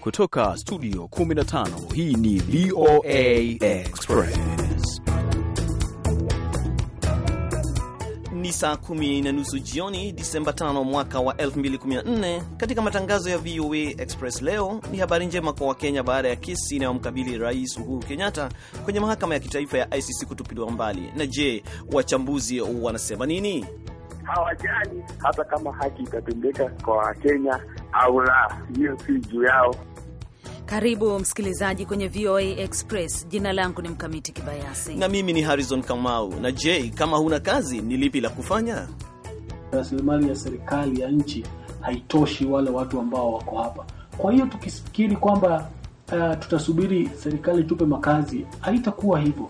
Kutoka studio 15 hii ni VOA Express. Ni saa kumi na nusu jioni Disemba 5 mwaka wa 2014. Katika matangazo ya VOA Express leo ni habari njema kwa Wakenya baada ya kesi inayomkabili Rais Uhuru Kenyatta kwenye mahakama ya kitaifa ya ICC kutupiliwa mbali. Na je, wachambuzi wanasema nini? hawajali hata kama haki itatendeka kwa Wakenya au la, hiyo si juu yao. Karibu msikilizaji kwenye VOA Express. Jina langu ni Mkamiti Kibayasi na mimi ni Harrison Kamau. Na je, kama huna kazi ni lipi la kufanya? Rasilimali ya serikali ya nchi haitoshi wale watu ambao wako hapa. Kwa hiyo tukifikiri kwamba uh, tutasubiri serikali tupe makazi, haitakuwa hivyo.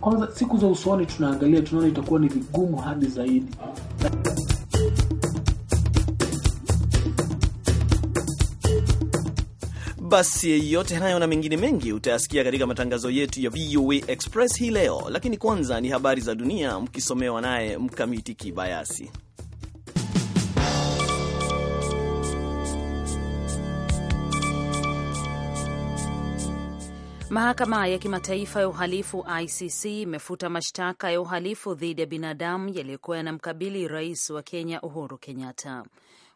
Kwanza siku za usoni tunaangalia, tunaona itakuwa ni vigumu hadi zaidi. Basi yote hayo na mengine mengi utayasikia katika matangazo yetu ya VOA Express hii leo, lakini kwanza ni habari za dunia mkisomewa naye Mkamiti Kibayasi. Mahakama ya Kimataifa ya Uhalifu ICC imefuta mashtaka ya uhalifu dhidi ya binadamu yaliyokuwa yanamkabili rais wa Kenya Uhuru Kenyatta.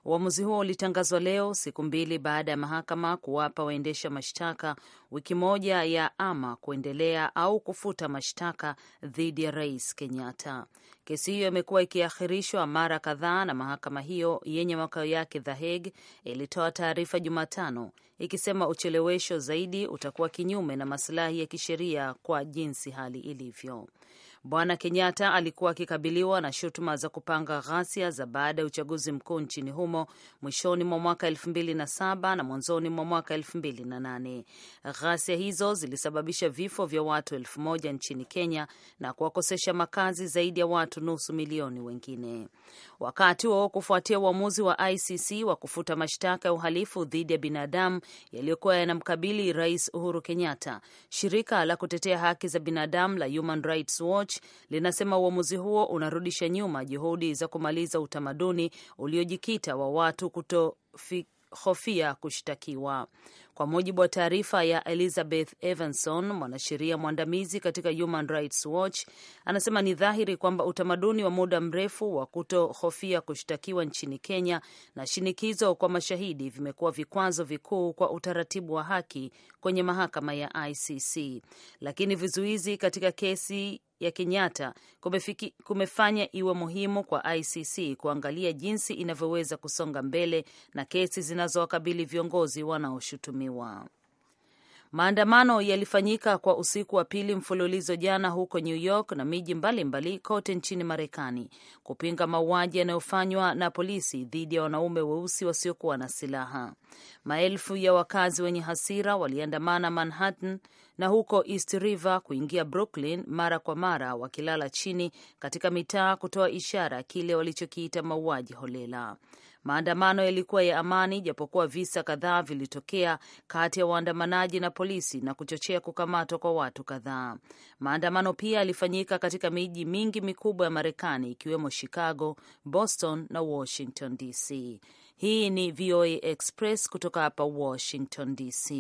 Uamuzi huo ulitangazwa leo, siku mbili baada ya mahakama kuwapa waendesha mashtaka wiki moja ya ama kuendelea au kufuta mashtaka dhidi ya Rais Kenyatta. Kesi hiyo imekuwa ikiahirishwa mara kadhaa, na mahakama hiyo yenye makao yake The Hague ilitoa taarifa Jumatano ikisema uchelewesho zaidi utakuwa kinyume na masilahi ya kisheria kwa jinsi hali ilivyo. Bwana Kenyatta alikuwa akikabiliwa na shutuma za kupanga ghasia za baada ya uchaguzi mkuu nchini humo mwishoni mwa mwaka elfu mbili na saba na mwanzoni mwa mwaka elfu mbili na nane. Ghasia hizo zilisababisha vifo vya watu elfu moja nchini Kenya na kuwakosesha makazi zaidi ya watu nusu milioni wengine. Wakati wao kufuatia uamuzi wa ICC wa kufuta mashtaka ya uhalifu dhidi ya binadamu yaliyokuwa yanamkabili Rais Uhuru Kenyatta, shirika la kutetea haki za binadamu la Human Rights Watch linasema uamuzi huo unarudisha nyuma juhudi za kumaliza utamaduni uliojikita wa watu kutohofia hofia kushtakiwa. Kwa mujibu wa taarifa ya Elizabeth Evanson, mwanasheria mwandamizi katika Human Rights Watch, anasema ni dhahiri kwamba utamaduni wa muda mrefu wa kutohofia kushtakiwa nchini Kenya na shinikizo kwa mashahidi vimekuwa vikwazo vikuu kwa utaratibu wa haki kwenye mahakama ya ICC, lakini vizuizi katika kesi ya Kenyatta kumefiki, kumefanya iwe muhimu kwa ICC kuangalia jinsi inavyoweza kusonga mbele na kesi zinazowakabili viongozi wanaoshutumiwa. Maandamano yalifanyika kwa usiku wa pili mfululizo jana huko New York na miji mbalimbali kote nchini Marekani kupinga mauaji yanayofanywa na polisi dhidi ya wanaume weusi wasiokuwa na silaha. Maelfu ya wakazi wenye hasira waliandamana Manhattan na huko East River kuingia Brooklyn mara kwa mara wakilala chini katika mitaa kutoa ishara kile walichokiita mauaji holela. Maandamano yalikuwa ya amani, japokuwa visa kadhaa vilitokea kati ya waandamanaji na polisi na kuchochea kukamatwa kwa watu kadhaa. Maandamano pia yalifanyika katika miji mingi mikubwa ya Marekani ikiwemo Chicago, Boston na Washington DC. Hii ni VOA Express kutoka hapa Washington DC.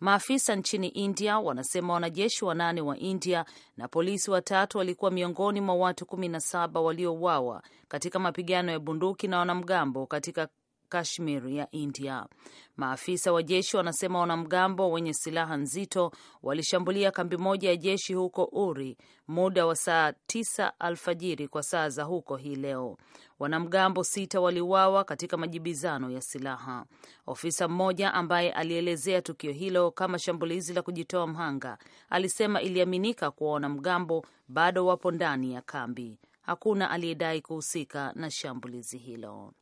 Maafisa nchini India wanasema wanajeshi wanane wa India na polisi watatu walikuwa miongoni mwa watu kumi na saba waliouawa katika mapigano ya bunduki na wanamgambo katika Kashmir ya India. Maafisa wa jeshi wanasema wanamgambo wenye silaha nzito walishambulia kambi moja ya jeshi huko Uri muda wa saa tisa alfajiri kwa saa za huko hii leo. Wanamgambo sita waliuawa katika majibizano ya silaha. Ofisa mmoja ambaye alielezea tukio hilo kama shambulizi la kujitoa mhanga alisema iliaminika kuwa wanamgambo bado wapo ndani ya kambi. Hakuna aliyedai kuhusika na shambulizi hilo.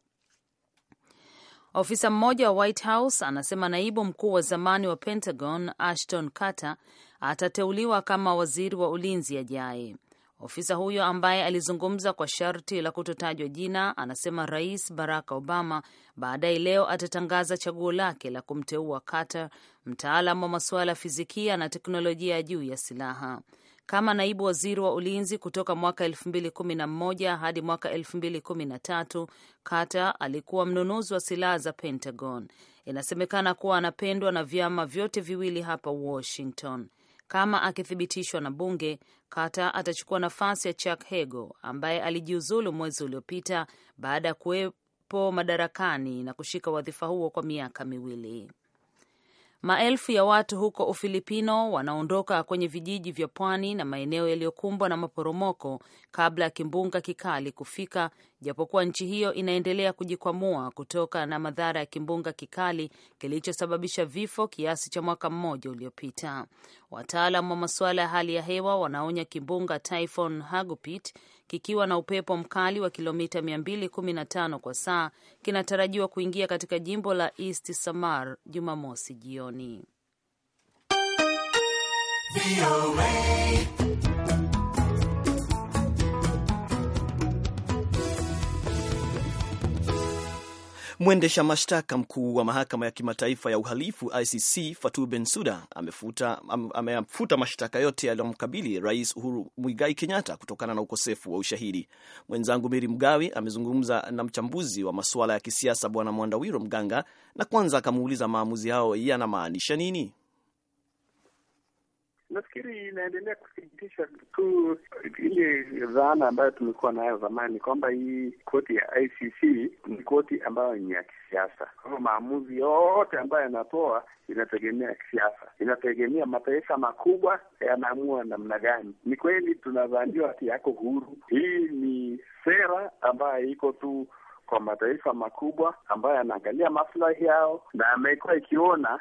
Ofisa mmoja wa White House anasema naibu mkuu wa zamani wa Pentagon Ashton Carter atateuliwa kama waziri wa ulinzi ajaye. Ofisa huyo ambaye alizungumza kwa sharti la kutotajwa jina anasema Rais Barack Obama baadaye leo atatangaza chaguo lake la kumteua Carter, mtaalam wa masuala ya fizikia na teknolojia ya juu ya silaha kama naibu waziri wa ulinzi kutoka mwaka 2011 hadi mwaka 2013. Carter alikuwa mnunuzi wa silaha za Pentagon. Inasemekana kuwa anapendwa na vyama vyote viwili hapa Washington. Kama akithibitishwa na bunge, Carter atachukua nafasi ya Chuck Hagel ambaye alijiuzulu mwezi uliopita baada ya kuwepo madarakani na kushika wadhifa huo kwa miaka miwili. Maelfu ya watu huko Ufilipino wanaondoka kwenye vijiji vya pwani na maeneo yaliyokumbwa na maporomoko kabla ya kimbunga kikali kufika japokuwa nchi hiyo inaendelea kujikwamua kutoka na madhara ya kimbunga kikali kilichosababisha vifo kiasi cha mwaka mmoja uliopita. Wataalam wa masuala ya hali ya hewa wanaonya kimbunga Typhoon Hagupit kikiwa na upepo mkali wa kilomita 215 kwa saa kinatarajiwa kuingia katika jimbo la East Samar Jumamosi jioni. Mwendesha mashtaka mkuu wa mahakama ya kimataifa ya uhalifu ICC Fatou Bensouda amefuta, am, amefuta mashtaka yote yaliyomkabili Rais Uhuru Muigai Kenyatta kutokana na ukosefu wa ushahidi. Mwenzangu Miri Mgawi amezungumza na mchambuzi wa masuala ya kisiasa Bwana Mwandawiro Mganga na kwanza akamuuliza maamuzi hayo yanamaanisha nini. Nafikiri inaendelea kuthibitisha tu ile dhana ambayo tumekuwa nayo zamani kwamba hii koti ya ICC ni koti ambayo ni ya kisiasa. Kwa maamuzi yote ambayo yanatoa inategemea kisiasa, inategemea mataifa makubwa yanaamua namna gani. Ni kweli tunadhaniwa hati yako huru, hii ni sera ambayo iko tu kwa mataifa makubwa ambayo yanaangalia maslahi yao na amekuwa ikiona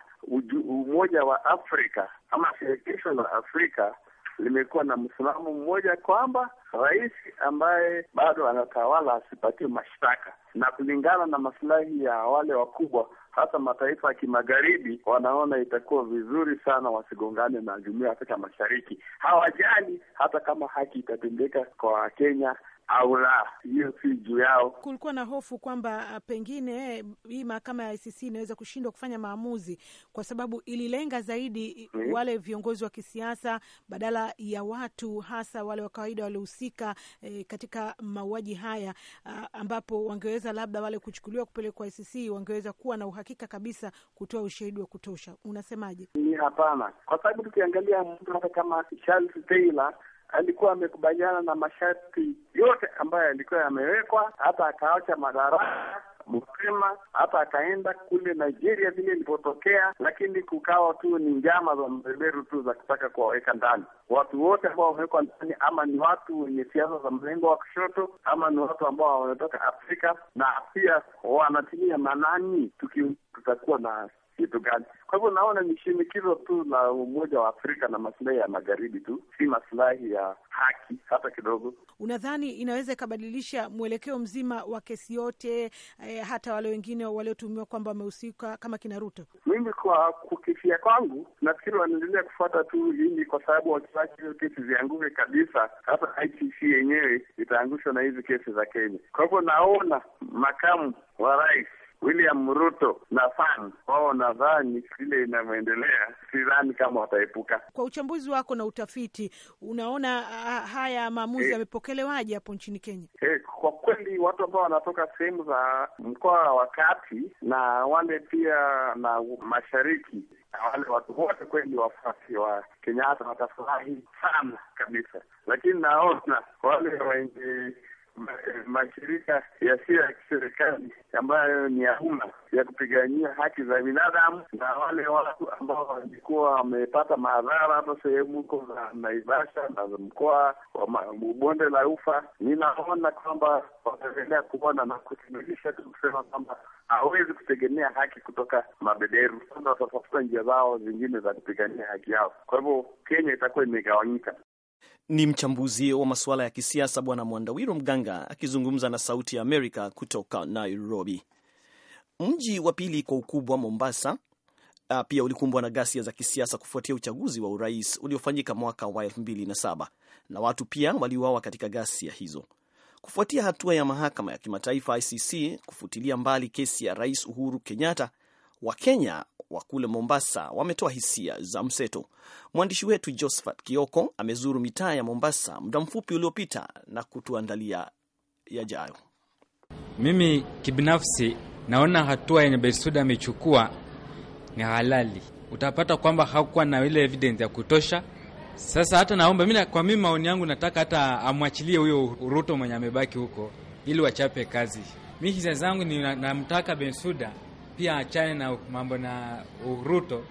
Umoja wa Afrika ama Shirikisho la Afrika limekuwa na msimamo mmoja kwamba rais ambaye bado anatawala asipatiwe mashtaka, na kulingana na masilahi ya wale wakubwa, hasa mataifa ya kimagharibi, wanaona itakuwa vizuri sana wasigongane na jumuiya ya Afrika Mashariki. Hawajali hata kama haki itatendeka kwa Kenya au la, hiyo si juu yao. Kulikuwa na hofu kwamba uh, pengine eh, hii mahakama ya ICC inaweza kushindwa kufanya maamuzi kwa sababu ililenga zaidi hmm, wale viongozi wa kisiasa badala ya watu hasa wale wa kawaida waliohusika e, katika mauaji haya a, uh, ambapo wangeweza labda wale kuchukuliwa kupelekwa ICC wangeweza kuwa na uhakika kabisa kutoa ushahidi wa kutosha. Unasemaje? Ni hapana, kwa sababu tukiangalia mtu hata kama Charles Taylor alikuwa amekubaliana na masharti yote ambayo yalikuwa yamewekwa, hata akaacha madaraka mapema hata akaenda kule Nigeria vile ilivyotokea, lakini kukawa tu ni njama za mbeberu tu za kutaka kuwaweka ndani watu wote ambao wamewekwa ndani, ama ni watu wenye siasa za mrengo wa kushoto, ama ni watu ambao wametoka Afrika na pia wanatilia manani, tuki tutakuwa na kitu gani? Kwa hivyo naona ni shinikizo tu la Umoja wa Afrika na masilahi ya magharibi tu, si masilahi ya haki hata kidogo. Unadhani inaweza ikabadilisha mwelekeo mzima wa kesi yote eh, hata wale wengine waliotumiwa kwamba wamehusika kama kina Ruto? Mimi kwa kukifia kwangu nafikiri wanaendelea kufuata tu hili, kwa sababu wakiwacha hizo kesi zianguke kabisa, hata ICC yenyewe itaangushwa na hizi kesi za Kenya. Kwa hivyo naona makamu wa rais William Ruto na fan wao, nadhani vile inavyoendelea, sidhani kama wataepuka. Kwa uchambuzi wako na utafiti, unaona ah, ah, haya maamuzi eh. yamepokelewaje hapo nchini Kenya? E, kwa kweli watu ambao wanatoka sehemu za mkoa wa kati na wale pia na mashariki wale watu wote kweli wafuasi wa Kenyatta watafurahi sana kabisa, lakini naona wale wenye mashirika yasiyo ya kiserikali ambayo ni ya umma ya kupigania haki za binadamu na wale watu ambao walikuwa wamepata madhara hapa sehemu huko za Naivasha na za mkoa wa bonde la Ufa. Ninaona kwamba wataendelea kuona na kuthibitisha tu kusema kwamba hawezi kutegemea haki kutoka mabeberu, kwamba watatafuta njia zao zingine za kupigania haki yao. Kwa hivyo Kenya itakuwa imegawanyika. Ni mchambuzi wa masuala ya kisiasa Bwana Mwandawiro Mganga akizungumza na Sauti ya Amerika kutoka Nairobi. Mji wa pili kwa ukubwa Mombasa ah, pia ulikumbwa na ghasia za kisiasa kufuatia uchaguzi wa urais uliofanyika mwaka wa 27 na watu pia waliuawa katika ghasia hizo. Kufuatia hatua ya mahakama ya kimataifa ICC kufutilia mbali kesi ya Rais Uhuru Kenyatta Wakenya wa kule Mombasa wametoa hisia za mseto. Mwandishi wetu Josephat Kioko amezuru mitaa ya Mombasa muda mfupi uliopita na kutuandalia yajayo. Mimi kibinafsi naona hatua yenye Besuda amechukua ni halali. Utapata kwamba hakuwa na ile evidence ya kutosha. Sasa hata naomba mimi, kwa mimi maoni yangu, nataka hata amwachilie huyo Ruto mwenye amebaki huko, ili wachape kazi. Mi hisia zangu ni namtaka Bensuda pia achane na mambo na Ruto.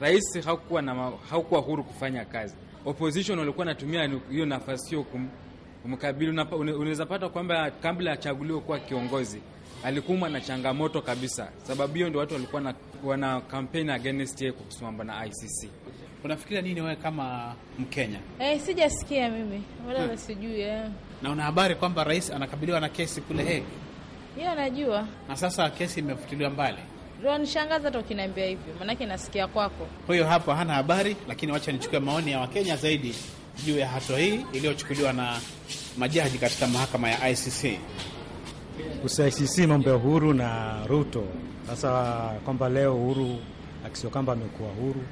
Rais hakuwa na hakuwa huru kufanya kazi. Opposition walikuwa natumia hiyo nafasi hiyo kum, kumkabili. Unaweza pata kwamba kabla achaguliwe kuwa kiongozi alikumwa na changamoto kabisa, sababu hiyo ndio watu walikuwa na, wana campaign against yeye kuhusu mambo na ICC. Unafikiria nini wewe kama Mkenya? Eh, sijasikia mimi wala hmm. sijui. Eh. Na una habari kwamba rais anakabiliwa na kesi kule Hague? Hiyo najua. Na sasa kesi imefutiliwa mbali. Nishangaza hata ukiniambia hivyo, maanake nasikia kwako. Huyo hapo hana habari, lakini wacha nichukue maoni ya Wakenya zaidi juu ya hatua hii iliyochukuliwa na majaji katika mahakama ya ICC. Kusa ICC, mambo ya Uhuru na Ruto, sasa kwamba leo Uhuru akisio kwamba amekuwa huru,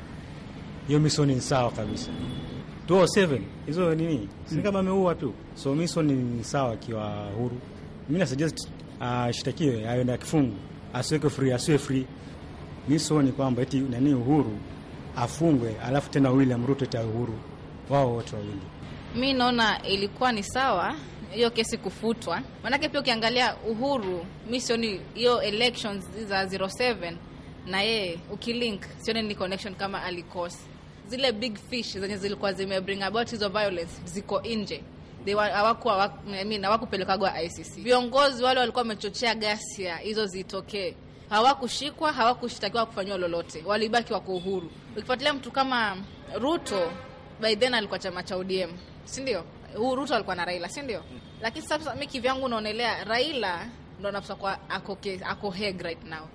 hiyo mission ni sawa kabisa. 207 hizo nini, si hmm. kama ameua tu, so mission ni sawa akiwa huru. na suggest ashtakiwe, aende kifungo, asiweke free, asiwe free. Mi sioni kwamba eti nani Uhuru afungwe alafu tena William Ruto ta Uhuru, wao wote wawili, mi naona ilikuwa ni sawa hiyo kesi kufutwa, manake pia ukiangalia Uhuru, mi sioni hiyo elections za 07 na yeye ukilink, sioni ni connection kama alikosa zile big fish zenye zilikuwa zimebring about hizo violence ziko nje hawakupelekagwa ICC. Viongozi wale walikuwa wamechochea ghasia hizo zitokee, hawakushikwa, hawakushtakiwa, kufanyiwa lolote, walibaki wako uhuru. Ukifuatilia mtu kama Ruto, by then alikuwa chama cha ODM, si ndio? Huu Ruto alikuwa na Raila, si ndio? Lakini sasa mimi kivyangu naonelea Raila ndo anafusa kwa ako, ako heg right now,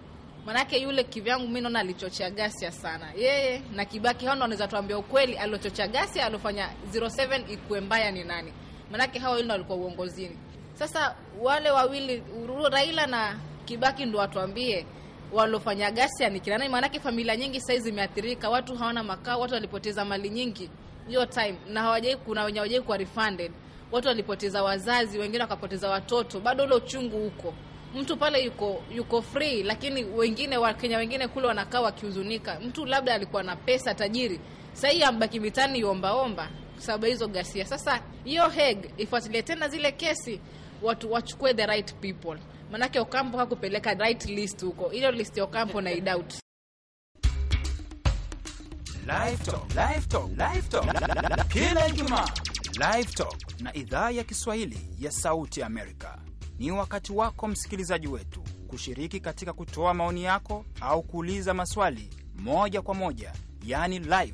manake yule kivyangu mi naona alichochea ghasia sana, yeye na Kibaki hao ndo anaweza tuambia ukweli, aliochochea ghasia aliofanya 07 ikuwe mbaya ni nani? Maanake hao wawili walikuwa uongozini. Sasa wale wawili Raila na Kibaki ndo watuambie walofanya ghasia ni kina nani? Maanake familia nyingi saizi zimeathirika, watu hawana makao, watu walipoteza mali nyingi hiyo time, na hawajai, kuna wenye hawajai kuwa refunded, watu walipoteza wazazi, wengine wakapoteza watoto, bado ule uchungu huko. Mtu pale yuko yuko free, lakini wengine Wakenya wengine kule wanakaa wakihuzunika. Mtu labda alikuwa na pesa tajiri, sahii ambaki mitani yombaomba kusababisha hizo ghasia. Sasa hiyo Hague ifuatilie tena zile kesi, watu wachukue the right people, manake Okampo hakupeleka right list huko. hiyo list ya Okampo na idoubt kila Ijumaa Live Talk na idhaa ya Kiswahili ya Sauti Amerika. Ni wakati wako msikilizaji wetu kushiriki katika kutoa maoni yako au kuuliza maswali moja kwa moja, yani live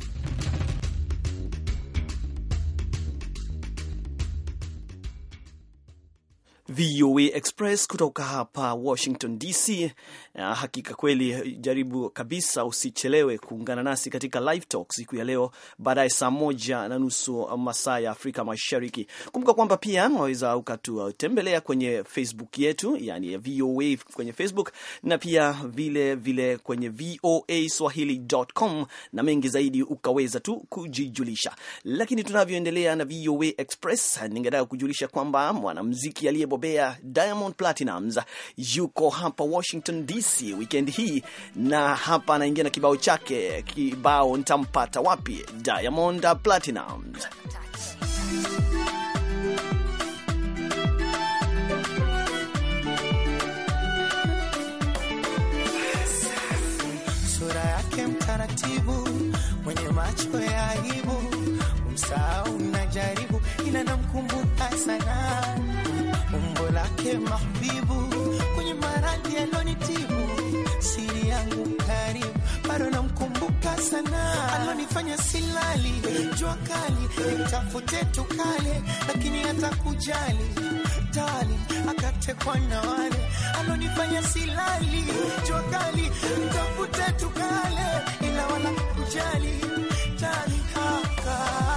VOA Express kutoka hapa Washington DC. Hakika kweli, jaribu kabisa usichelewe kuungana nasi katika Live Talk siku ya leo baadaye saa moja na nusu masaa ya Afrika Mashariki. Kumbuka kwamba pia unaweza ukatutembelea kwenye Facebook yetu, yani VOA kwenye Facebook na pia vile vile kwenye VOA Swahili.com na mengi zaidi ukaweza tu kujijulisha. Lakini tunavyoendelea na VOA Express, ningetaka kujulisha kwamba mwanamziki aliyebo mgombea Diamond Platinums yuko hapa Washington DC weekend hii, na hapa anaingia na kibao chake, kibao nitampata wapi, Diamond Platinums. Sura yake mtaratibu, mwenye macho ya aibu, umsahau, unajaribu, ila namkumbuka sana yake mahbibu kwenye maradhi alonitibu siri yangu karibu bado namkumbuka sana alonifanya silali jua kali nitafute tukale lakini atakujali kujali tali akatekwa na wale alonifanya silali jua kali nitafute tukale ila wala kujali tali haka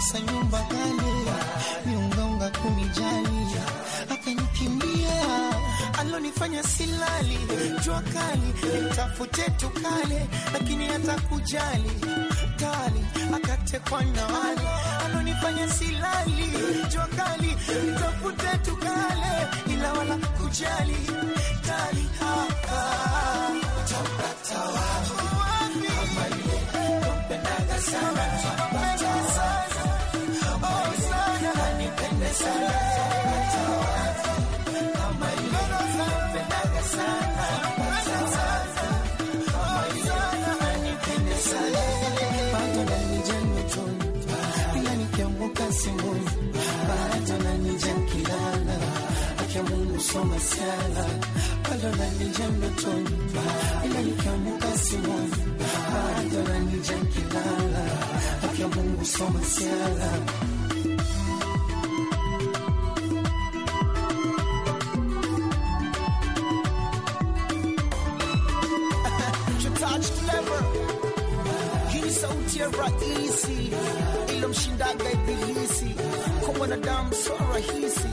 pesa nyumba kale miungaunga kunijali, akanipimia alonifanya silali, jua kali nitafute tukale, lakini atakujali kali akate kwa wale alonifanya silali, jua kali nitafute tukale, ila wala kujali kusoma sana bado nanija ndotoni, ila nikiamka simuoni, bado nanija nikilala, haki ya Mungu soma ibilisi kwa mwanadamu rahisi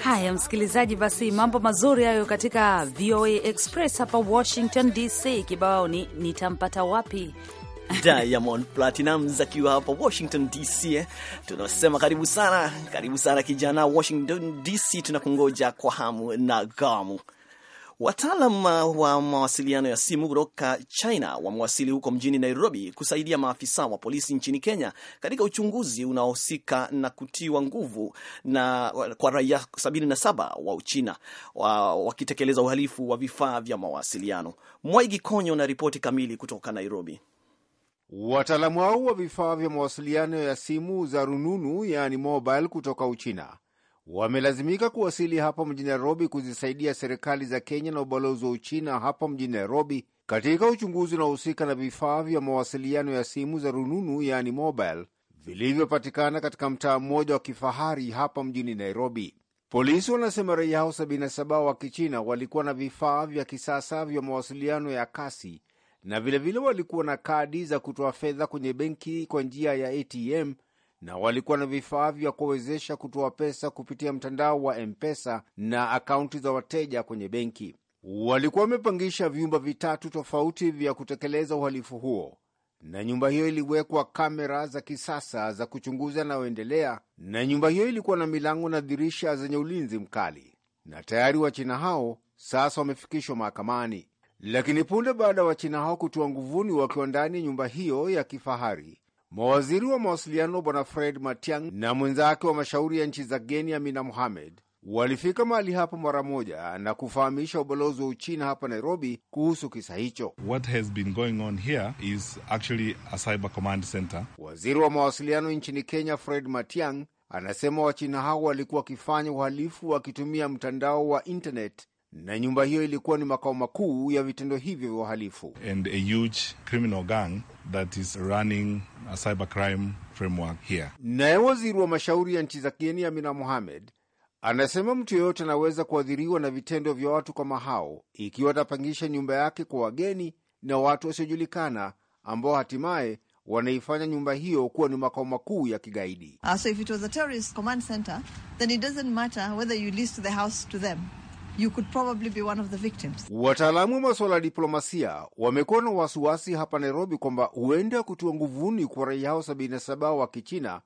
Haya, msikilizaji, basi mambo mazuri hayo katika VOA Express hapa Washington DC. Kibao ni nitampata wapi? Diamond Platinumz akiwa hapa Washington DC, eh. tunasema karibu sana, karibu sana kijana. Washington DC tunakungoja kwa hamu na gamu. Wataalam uh, wa mawasiliano ya simu kutoka China wamewasili huko mjini Nairobi kusaidia maafisa wa polisi nchini Kenya katika uchunguzi unaohusika na kutiwa nguvu na kwa raia 77 wa Uchina wakitekeleza wa uhalifu wa vifaa vya mawasiliano. Mwaigi Konyo na ripoti kamili kutoka Nairobi. Wataalamu hao wa vifaa vya mawasiliano ya simu za rununu, yaani mobile, kutoka Uchina wamelazimika kuwasili hapa mjini Nairobi kuzisaidia serikali za Kenya na ubalozi wa Uchina hapa mjini Nairobi katika uchunguzi unaohusika na vifaa vya mawasiliano ya simu za rununu yaani mobile vilivyopatikana katika mtaa mmoja wa kifahari hapa mjini Nairobi. Polisi wanasema raia hao 77 wa Kichina walikuwa na vifaa vya kisasa vya mawasiliano ya kasi na vilevile vile walikuwa na kadi za kutoa fedha kwenye benki kwa njia ya ATM na walikuwa na vifaa vya kuwawezesha kutoa pesa kupitia mtandao wa M-Pesa na akaunti za wateja kwenye benki. Walikuwa wamepangisha vyumba vitatu tofauti vya kutekeleza uhalifu huo, na nyumba hiyo iliwekwa kamera za kisasa za kuchunguza yanayoendelea, na nyumba hiyo ilikuwa na milango na dirisha zenye ulinzi mkali, na tayari Wachina hao sasa wamefikishwa mahakamani. Lakini punde baada ya Wachina hao kutoa nguvuni wakiwa ndani ya nyumba hiyo ya kifahari Mawaziri wa mawasiliano Bwana Fred matiang na mwenzake wa mashauri ya nchi za geni Amina Mohamed walifika mahali hapo mara moja na kufahamisha ubalozi wa Uchina hapa Nairobi kuhusu kisa hicho. What has been going on here is actually a cyber command center. Waziri wa mawasiliano nchini Kenya Fred matiang anasema Wachina hao walikuwa wakifanya uhalifu wakitumia mtandao wa internet na nyumba hiyo ilikuwa ni makao makuu ya vitendo hivyo vya uhalifu. And a huge criminal gang that is running a cybercrime framework here. Naye waziri wa mashauri ya nchi za kigeni Amina Mohamed anasema mtu yeyote anaweza kuadhiriwa na vitendo vya watu kama hao ikiwa atapangisha nyumba yake kwa wageni na watu wasiojulikana ambao hatimaye wanaifanya nyumba hiyo kuwa ni makao makuu ya kigaidi. Uh, so if it was a terrorist command center, then it doesn't matter whether you lease the house to them you could probably be one of the victims. Wataalamu wa masuala ya diplomasia wamekuwa na wasiwasi hapa Nairobi kwamba huenda kutiwa nguvuni kwa raia hao 77 wa Kichina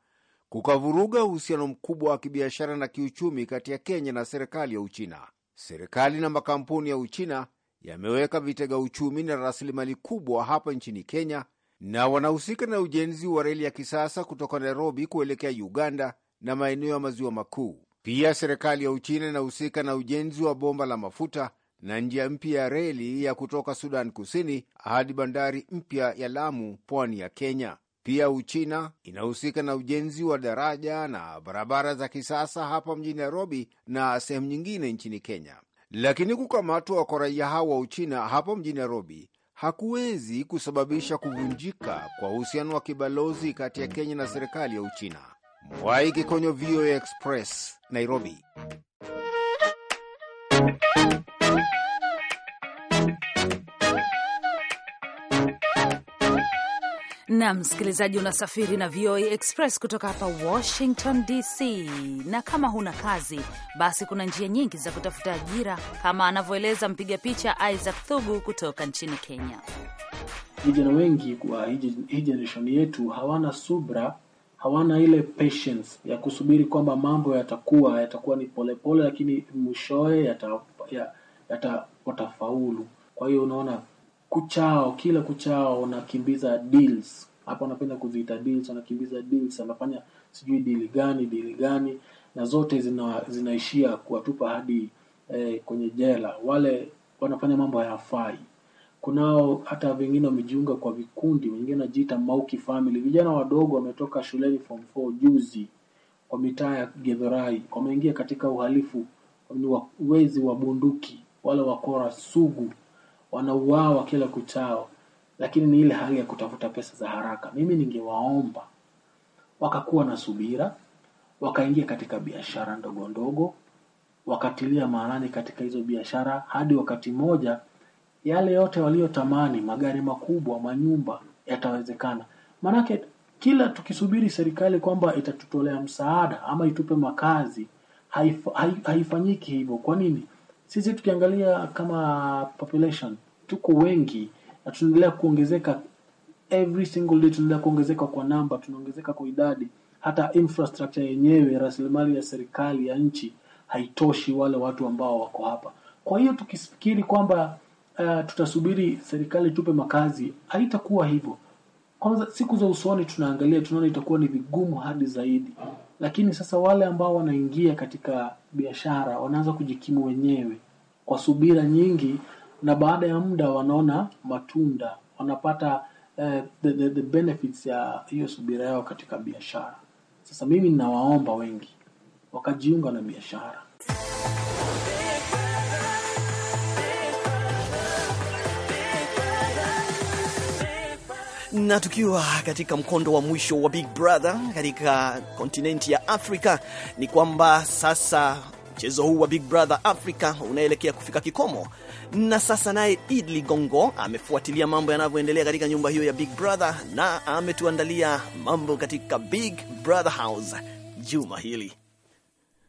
kukavuruga uhusiano mkubwa wa kibiashara na kiuchumi kati ya Kenya na serikali ya Uchina. Serikali na makampuni ya Uchina yameweka vitega uchumi na rasilimali kubwa hapa nchini Kenya na wanahusika na ujenzi wa reli ya kisasa kutoka Nairobi kuelekea Uganda na maeneo ya maziwa makuu. Pia serikali ya Uchina inahusika na ujenzi wa bomba la mafuta na njia mpya ya reli ya kutoka Sudan Kusini hadi bandari mpya ya Lamu, pwani ya Kenya. Pia Uchina inahusika na ujenzi wa daraja na barabara za kisasa hapa mjini Nairobi na sehemu nyingine nchini Kenya. Lakini kukamatwa kwa raia hao wa Uchina hapa mjini Nairobi hakuwezi kusababisha kuvunjika kwa uhusiano wa kibalozi kati ya Kenya na serikali ya Uchina. Mwai Gikonyo, VOA Express, Nairobi. na msikilizaji, unasafiri na VOA Express kutoka hapa Washington DC. Na kama huna kazi, basi kuna njia nyingi za kutafuta ajira, kama anavyoeleza mpiga picha Isaac Thugu kutoka nchini Kenya. Vijana wengi kwa hii generation yetu hawana subra hawana ile patience ya kusubiri kwamba mambo yatakuwa yatakuwa ni polepole pole, lakini mwishowe yata, ya, yata, watafaulu. Kwa hiyo unaona kuchao, kila kuchao unakimbiza deals hapa, anapenda kuziita deals, anakimbiza deals, anafanya sijui dili gani dili gani, na zote zina, zinaishia kuwatupa hadi eh, kwenye jela. Wale wanafanya mambo hayafai kunao hata vingine wamejiunga kwa vikundi, wengine wanajiita Mauki Family. Vijana wadogo wametoka shuleni form 4 juzi kwa mitaa ya Gedhorai, wameingia katika uhalifu, ni wezi wa bunduki, wale wakora sugu, wanauawa kila kuchao, lakini ni ile hali ya kutafuta pesa za haraka. Mimi ningewaomba wakakuwa na subira, wakaingia katika biashara ndogo ndogo, wakatilia maanani katika hizo biashara hadi wakati moja yale yote waliotamani, magari makubwa, manyumba, yatawezekana. manake kila tukisubiri serikali kwamba itatutolea msaada ama itupe makazi, haif, haif, haifanyiki hivyo. Kwa nini? Sisi tukiangalia kama population tuko wengi na tunaendelea kuongezeka every single day, tunaendelea kuongezeka kwa namba, tunaongezeka kwa idadi. Hata infrastructure yenyewe, rasilimali ya serikali ya nchi haitoshi wale watu ambao wako hapa. Kwa hiyo tukifikiri kwamba uh, tutasubiri serikali tupe makazi, haitakuwa hivyo. Kwanza siku za usoni tunaangalia, tunaona itakuwa ni vigumu hadi zaidi, lakini sasa wale ambao wanaingia katika biashara wanaanza kujikimu wenyewe kwa subira nyingi, na baada ya muda wanaona matunda, wanapata uh, the, the, the benefits ya hiyo subira yao katika biashara. Sasa mimi ninawaomba wengi wakajiunga na biashara. na tukiwa katika mkondo wa mwisho wa Big Brother katika kontinenti ya Afrika ni kwamba sasa mchezo huu wa Big Brother Africa unaelekea kufika kikomo, na sasa naye idli gongo amefuatilia mambo yanavyoendelea katika nyumba hiyo ya Big Brother na ametuandalia mambo katika Big Brother House juma hili.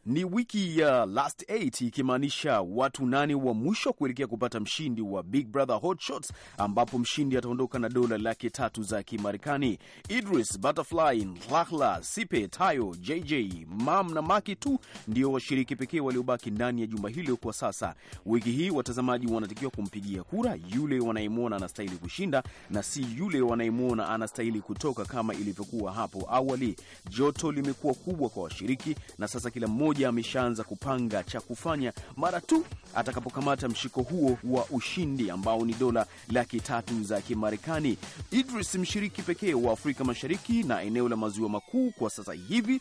Ni wiki ya last 8 ikimaanisha watu nane wa mwisho kuelekea kupata mshindi wa Big Brother Hot Shots, ambapo mshindi ataondoka na dola laki tatu za Kimarekani. Idris, Butterfly, Lahla Sipe, Tayo, JJ, Mam na Maki tu ndio washiriki pekee waliobaki ndani ya jumba hilo kwa sasa. Wiki hii watazamaji wanatakiwa kumpigia kura yule wanayemwona anastahili kushinda na si yule wanayemwona anastahili kutoka, kama ilivyokuwa hapo awali. Joto limekuwa kubwa kwa washiriki na sasa kila mmoja mmoja ameshaanza kupanga cha kufanya mara tu atakapokamata mshiko huo wa ushindi ambao ni dola laki tatu za Kimarekani. Idris, mshiriki pekee wa Afrika Mashariki na eneo la maziwa makuu, kwa sasa hivi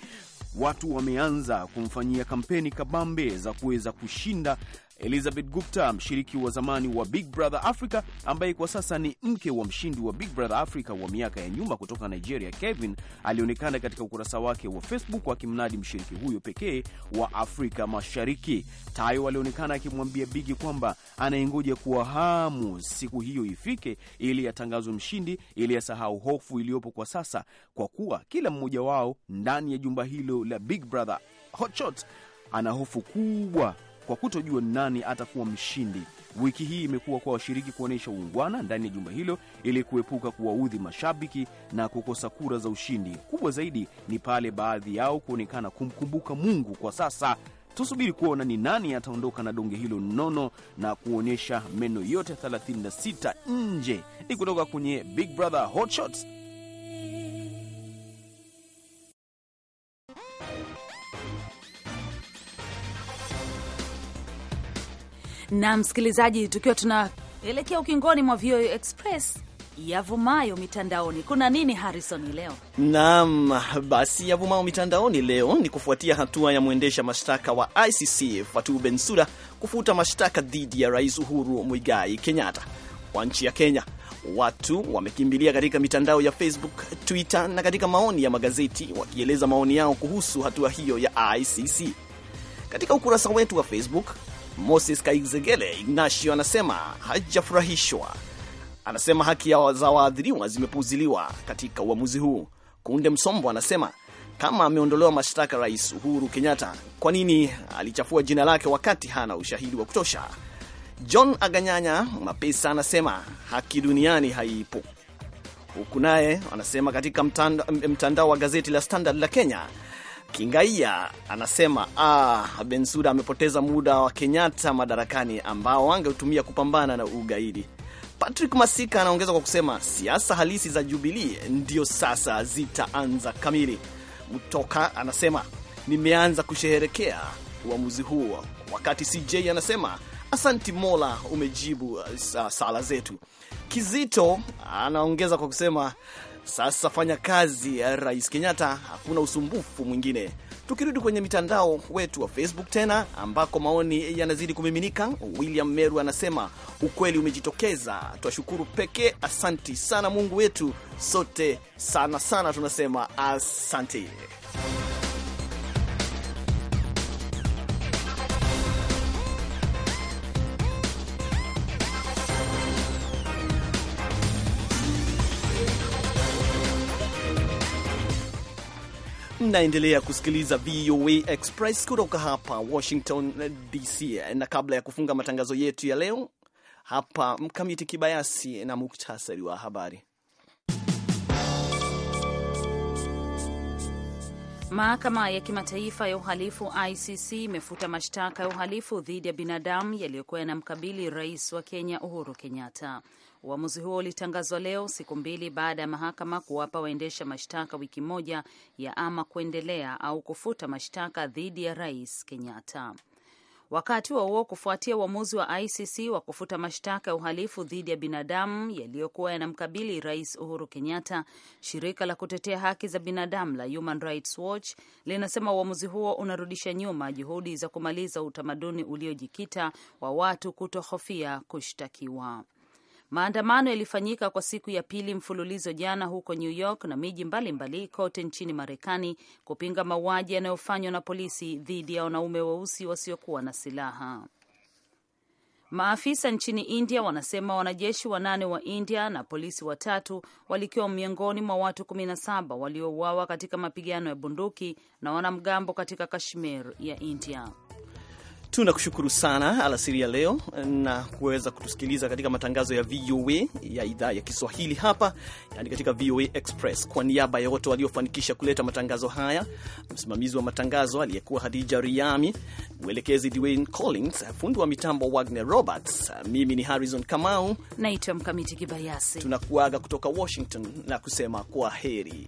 watu wameanza kumfanyia kampeni kabambe za kuweza kushinda Elizabeth Gupta, mshiriki wa zamani wa Big Brother Africa ambaye kwa sasa ni mke wa mshindi wa Big Brother Africa wa miaka ya nyuma kutoka Nigeria, Kevin, alionekana katika ukurasa wake wa Facebook akimnadi mshiriki huyo pekee wa Afrika Mashariki. Tayo alionekana akimwambia Bigi kwamba anayengoja kwa hamu siku hiyo ifike ili atangazwe mshindi, ili asahau hofu iliyopo kwa sasa, kwa kuwa kila mmoja wao ndani ya jumba hilo la Big Brother Hotshot ana hofu kubwa kwa kutojua nani atakuwa mshindi. Wiki hii imekuwa kwa washiriki kuonyesha uungwana ndani ya jumba hilo ili kuepuka kuwaudhi mashabiki na kukosa kura za ushindi. Kubwa zaidi ni pale baadhi yao kuonekana kumkumbuka Mungu. Kwa sasa tusubiri kuona ni nani ataondoka na donge hilo nono na kuonyesha meno yote 36 nje. Ni kutoka kwenye Big Brother Hotshots. na msikilizaji, tukiwa tunaelekea ukingoni mwa VOA Express yavumayo mitandaoni, kuna nini Harrison leo? Naam, basi yavumayo mitandaoni leo ni kufuatia hatua ya mwendesha mashtaka wa ICC Fatou Bensouda kufuta mashtaka dhidi ya Rais Uhuru Muigai Kenyatta wa nchi ya Kenya. Watu wamekimbilia katika mitandao ya Facebook, Twitter na katika maoni ya magazeti wakieleza maoni yao kuhusu hatua hiyo ya ICC. Katika ukurasa wetu wa Facebook Moses Kaizegele ignatio anasema hajafurahishwa. Anasema haki za waadhiriwa zimepuziliwa katika uamuzi huu. Kunde Msombo anasema kama ameondolewa mashtaka Rais Uhuru Kenyatta, kwa nini alichafua jina lake wakati hana ushahidi wa kutosha? John Aganyanya Mapesa anasema haki duniani haipo. Huku naye anasema katika mtandao mtanda wa gazeti la Standard la Kenya Kingaia anasema ah, Bensouda amepoteza muda wa Kenyatta madarakani ambao wangeutumia kupambana na ugaidi. Patrick Masika anaongeza kwa kusema siasa halisi za Jubilee ndio sasa zitaanza kamili. Mtoka anasema nimeanza kusheherekea uamuzi huo, wakati CJ anasema asanti Mola, umejibu uh, sala zetu. Kizito anaongeza kwa kusema sasa fanya kazi ya Rais Kenyatta, hakuna usumbufu mwingine. Tukirudi kwenye mitandao wetu wa Facebook tena, ambako maoni yanazidi kumiminika. William Meru anasema ukweli umejitokeza, twashukuru pekee. Asanti sana Mungu wetu, sote sana sana tunasema asante. Mnaendelea kusikiliza VOA Express kutoka hapa Washington eh, DC, na kabla ya kufunga matangazo yetu ya leo hapa, Mkamiti Kibayasi na muktasari wa habari. Mahakama ya Kimataifa ya Uhalifu ICC imefuta mashtaka ya uhalifu dhidi ya binadamu yaliyokuwa yanamkabili rais wa Kenya Uhuru Kenyatta. Uamuzi huo ulitangazwa leo, siku mbili baada ya mahakama kuwapa waendesha mashtaka wiki moja ya ama kuendelea au kufuta mashtaka dhidi ya Rais Kenyatta. Wakati wa huo kufuatia uamuzi wa ICC wa kufuta mashtaka ya uhalifu dhidi ya binadamu yaliyokuwa yanamkabili Rais Uhuru Kenyatta, shirika la kutetea haki za binadamu la Human Rights Watch linasema uamuzi huo unarudisha nyuma juhudi za kumaliza utamaduni uliojikita wa watu kutohofia kushtakiwa. Maandamano yalifanyika kwa siku ya pili mfululizo jana huko New York na miji mbalimbali kote nchini Marekani kupinga mauaji yanayofanywa na polisi dhidi ya wanaume weusi wasiokuwa na silaha. Maafisa nchini India wanasema wanajeshi wanane wa India na polisi watatu walikiwa miongoni mwa watu 17 waliouawa katika mapigano ya bunduki na wanamgambo katika Kashmir ya India. Tunakushukuru sana alasiri ya leo na kuweza kutusikiliza katika matangazo ya VOA ya idhaa ya Kiswahili hapa, yani katika VOA Express. Kwa niaba ya wote waliofanikisha kuleta matangazo haya, msimamizi wa matangazo aliyekuwa Hadija Riami, mwelekezi Dwayne Collins, fundi wa mitambo Wagner Roberts, mimi ni Harrison Kamau naitwa Mkamiti Kibayasi. Tunakuaga kutoka Washington na kusema kwa heri.